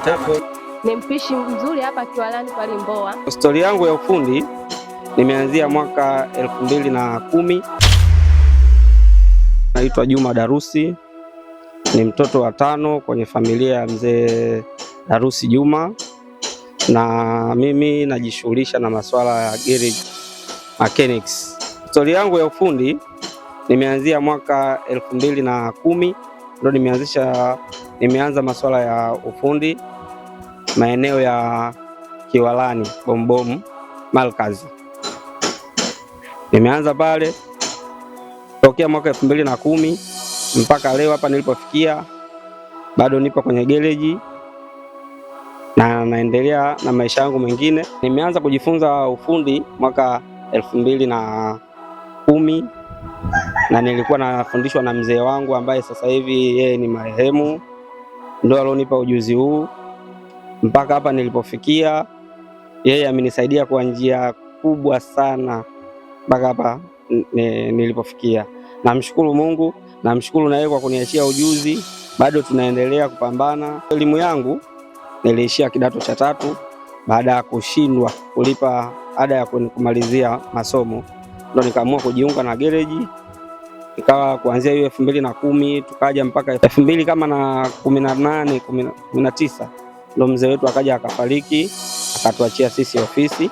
Stephen. Ni mpishi mzuri hapa Kiwalani kwa Limboa. Stori yangu ya ufundi nimeanzia mwaka elfu mbili na kumi. Naitwa Juma Darusi, ni mtoto wa tano kwenye familia ya mzee Darusi Juma, na mimi najishughulisha na masuala ya garage mechanics. Stori yangu ya ufundi nimeanzia mwaka elfu mbili na kumi ndo nimeanzisha, nimeanza masuala ya ufundi maeneo ya Kiwalani Bombomu Malkazi. Nimeanza pale tokea mwaka elfu mbili na kumi mpaka leo hapa nilipofikia, bado nipo kwenye gereji na naendelea na maisha yangu mengine. Nimeanza kujifunza ufundi mwaka elfu mbili na kumi na nilikuwa nafundishwa na mzee wangu ambaye sasa hivi yeye ni marehemu, ndo alionipa ujuzi huu mpaka hapa nilipofikia. Yeye amenisaidia kwa njia kubwa sana mpaka hapa nilipofikia. Namshukuru Mungu, namshukuru na yeye kwa kuniachia ujuzi. Bado tunaendelea kupambana. Elimu yangu niliishia kidato cha tatu baada ya kushindwa kulipa ada ya kumalizia masomo, ndo nikaamua kujiunga na gereji ikawa kuanzia hiyo elfu mbili na kumi tukaja mpaka elfu mbili kama na kumi na nane kumi na tisa ndo mzee wetu akaja akafariki, akatuachia sisi ofisi.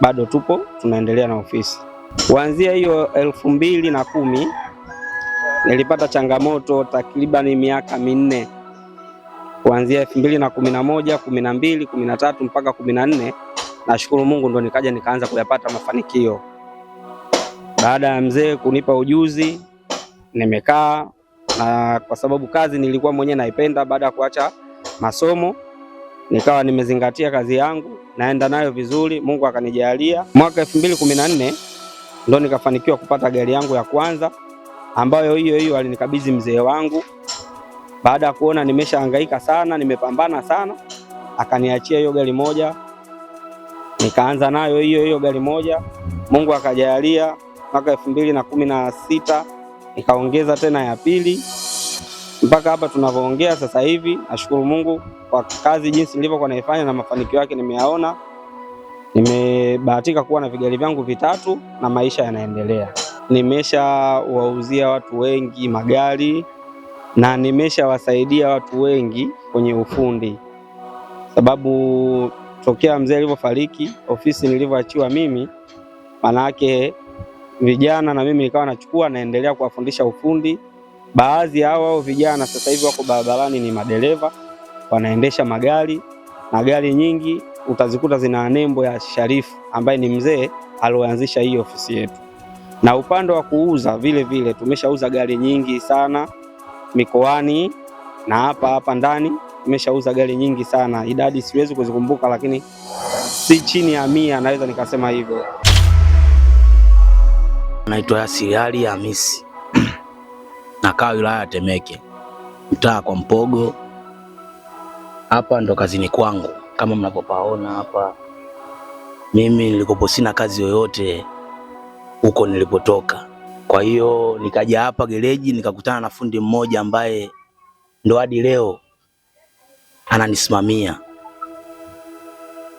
Bado tupo tunaendelea na ofisi. Kuanzia hiyo elfu mbili na kumi nilipata changamoto takribani miaka minne kuanzia elfu mbili na kumi na moja kumi na mbili kumi na tatu mpaka kumi na nne Nashukuru Mungu ndo nikaja nikaanza kuyapata mafanikio. Baada ya mzee kunipa ujuzi, nimekaa na kwa sababu kazi nilikuwa mwenyewe naipenda baada ya kuacha masomo nikawa nimezingatia kazi yangu, naenda nayo vizuri, Mungu akanijalia. Mwaka elfu mbili kumi na nne ndo nikafanikiwa kupata gari yangu ya kwanza, ambayo hiyo hiyo alinikabidhi mzee wangu. Baada ya kuona nimeshahangaika sana, nimepambana sana, akaniachia hiyo gari moja, nikaanza nayo hiyo hiyo gari moja. Mungu akajalia, mwaka elfu mbili na kumi na sita nikaongeza tena ya pili mpaka hapa tunavyoongea sasa hivi, nashukuru Mungu kwa kazi jinsi nilivyokuwa naifanya na mafanikio yake nimeyaona. Nimebahatika kuwa na vigari vyangu vitatu na maisha yanaendelea. Nimeshawauzia watu wengi magari na nimeshawasaidia watu wengi kwenye ufundi, sababu tokea mzee alivyofariki, ofisi nilivyoachiwa mimi, manake vijana na mimi nikawa nachukua, naendelea kuwafundisha ufundi. Baadhi ya hao vijana sasa hivi wako barabarani, ni madereva wanaendesha magari na gari nyingi utazikuta zina nembo ya Sharifu ambaye ni mzee alioanzisha hii ofisi yetu. Na upande wa kuuza vile vile tumeshauza gari nyingi sana mikoani na hapa hapa ndani tumeshauza gari nyingi sana, idadi siwezi kuzikumbuka, lakini si chini ya mia, naweza nikasema hivyo. Naitwa Siliali Hamisi nakaa wilaya ya Temeke, mtaa kwa Mpogo. Hapa ndo kazini kwangu kama mnapopaona hapa. Mimi nilikopo sina kazi yoyote huko nilipotoka, kwa hiyo nikaja hapa gereji nikakutana na fundi mmoja ambaye ndo hadi leo ananisimamia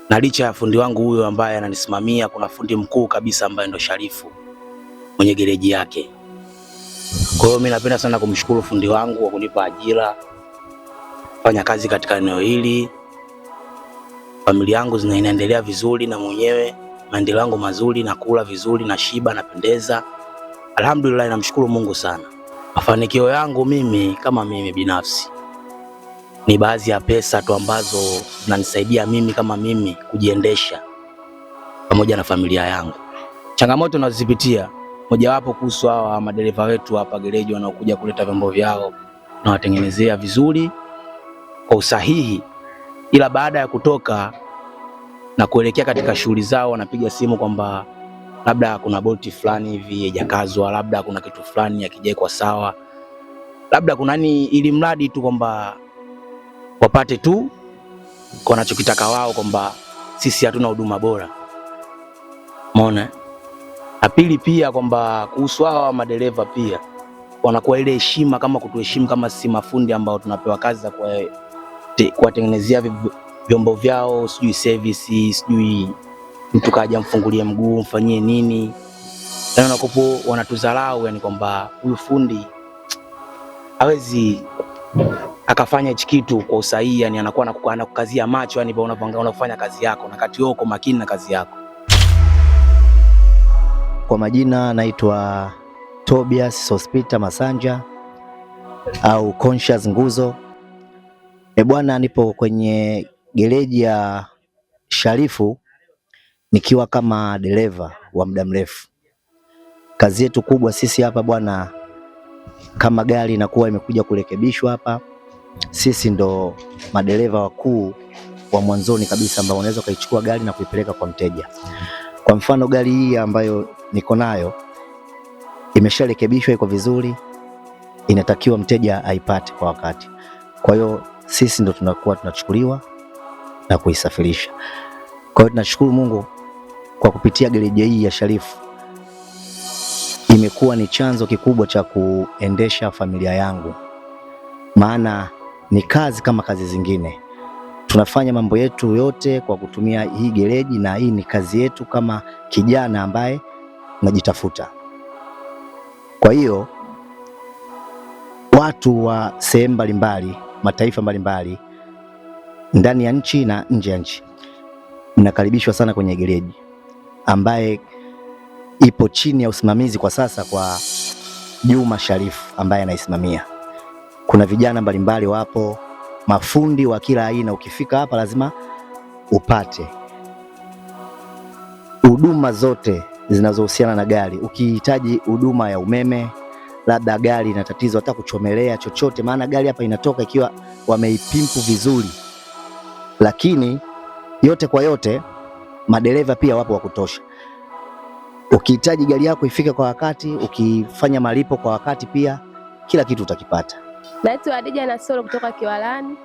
na licha ya fundi wangu huyo ambaye ananisimamia, kuna fundi mkuu kabisa ambaye ndo Sharifu mwenye gereji yake. Kwa hiyo mimi napenda sana kumshukuru fundi wangu kwa kunipa ajira fanya kazi katika eneo hili. Familia yangu zinaendelea vizuri, na mwenyewe maendeleo yangu mazuri, na kula vizuri na shiba napendeza. Alhamdulillah, namshukuru Mungu sana. Mafanikio yangu mimi kama mimi binafsi ni baadhi ya pesa tu ambazo zinanisaidia mimi kama mimi kujiendesha pamoja na familia yangu. Changamoto nazozipitia mojawapo kuhusu hawa madereva wetu hapa gereji wanaokuja kuleta vyombo vyao, na watengenezea vizuri kwa usahihi, ila baada ya kutoka na kuelekea katika shughuli zao wanapiga simu kwamba labda kuna bolti fulani hivi haijakazwa, labda kuna kitu fulani hakijaekwa sawa, labda kuna nini, ili mradi tu kwamba wapate tu wanachokitaka wao, kwamba sisi hatuna huduma bora. Umeona? Na pili pia kwamba kuhusu hawa madereva pia wanakuwa ile heshima kama kutuheshimu kama sisi mafundi ambao tunapewa kazi za kuwatengenezea te, vyombo vyao, sijui service, sijui mtu kaja mfungulie mguu mfanyie nini, yaani nakopo wanatudharau, yani kwamba huyu fundi hawezi akafanya hichi kitu kwa usahihi, yani anakuwa anakukazia macho, yani unafanya kazi yako na kati yako makini na kazi yako kwa majina naitwa Tobias Sospita Masanja au Conscious Nguzo. E bwana, nipo kwenye gereji ya Sharifu nikiwa kama dereva wa muda mrefu. Kazi yetu kubwa sisi hapa bwana, kama gari inakuwa imekuja kurekebishwa hapa, sisi ndo madereva wakuu wa mwanzoni kabisa ambao unaweza ukaichukua gari na kuipeleka kwa mteja. Kwa mfano gari hii ambayo niko nayo imesharekebishwa, iko vizuri, inatakiwa mteja aipate kwa wakati. Kwa hiyo sisi ndo tunakuwa tunachukuliwa na kuisafirisha. Kwa hiyo tunashukuru Mungu kwa kupitia gereji hii ya Sharifu imekuwa ni chanzo kikubwa cha kuendesha familia yangu, maana ni kazi kama kazi zingine. Tunafanya mambo yetu yote kwa kutumia hii gereji, na hii ni kazi yetu kama kijana ambaye unajitafuta. Kwa hiyo watu wa sehemu mbalimbali, mataifa mbalimbali ndani ya nchi na nje ya nchi, mnakaribishwa sana kwenye gereji ambaye ipo chini ya usimamizi kwa sasa kwa Juma Sharifu ambaye anaisimamia. Kuna vijana mbalimbali wapo, mafundi wa kila aina. Ukifika hapa lazima upate huduma zote zinazohusiana na gari. Ukihitaji huduma ya umeme, labda gari ina tatizo, hata kuchomelea chochote, maana gari hapa inatoka ikiwa wameipimpu vizuri. Lakini yote kwa yote, madereva pia wapo wa kutosha. Ukihitaji gari yako ifike kwa wakati, ukifanya malipo kwa wakati, pia kila kitu utakipata. Naitwa Adija Nasoro kutoka Kiwalani,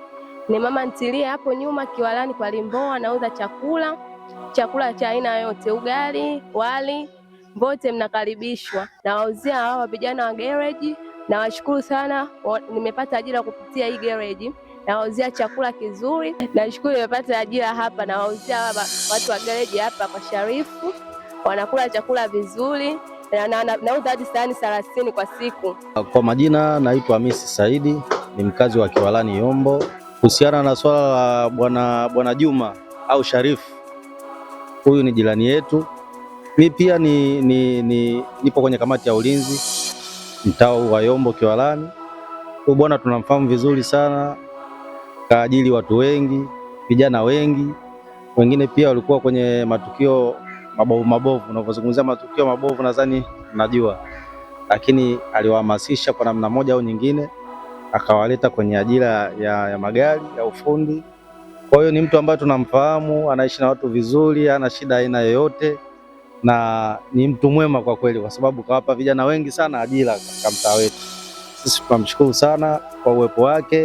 ni mama ntilia hapo nyuma Kiwalani kwa Limboa, anauza chakula chakula cha aina yote, ugali, wali, wote mnakaribishwa. Nawauzia hawa vijana wa gereji, nawashukuru sana, nimepata ajira kupitia hii gereji. Nawauzia chakula kizuri, nashukuru nimepata ajira hapa. Nawauzia watu wa gereji hapa kwa Sharifu, wanakula chakula vizuri nauza na, na hadi sahani thelathini kwa siku. Kwa majina naitwa Hamisi Saidi, ni mkazi wa Kiwalani Yombo. Kuhusiana na swala la bwana bwana Juma au Sharifu huyu ni jirani yetu. Mi pia ni, ni, ni, nipo kwenye kamati ya ulinzi mtaa wa Yombo Kiwalani. Huyu bwana tunamfahamu vizuri sana, kaajili watu wengi, vijana wengi, wengine pia walikuwa kwenye matukio mabovu mabovu. Unavyozungumzia matukio mabovu, nadhani najua, lakini aliwahamasisha kwa namna moja au nyingine, akawaleta kwenye ajira ya, ya magari ya ufundi. Kwa hiyo ni mtu ambaye tunamfahamu, anaishi na watu vizuri, hana shida aina yoyote, na ni mtu mwema kwa kweli, kwa sababu kawapa vijana wengi sana ajira katika mtaa wetu. Sisi tunamshukuru sana kwa uwepo wake.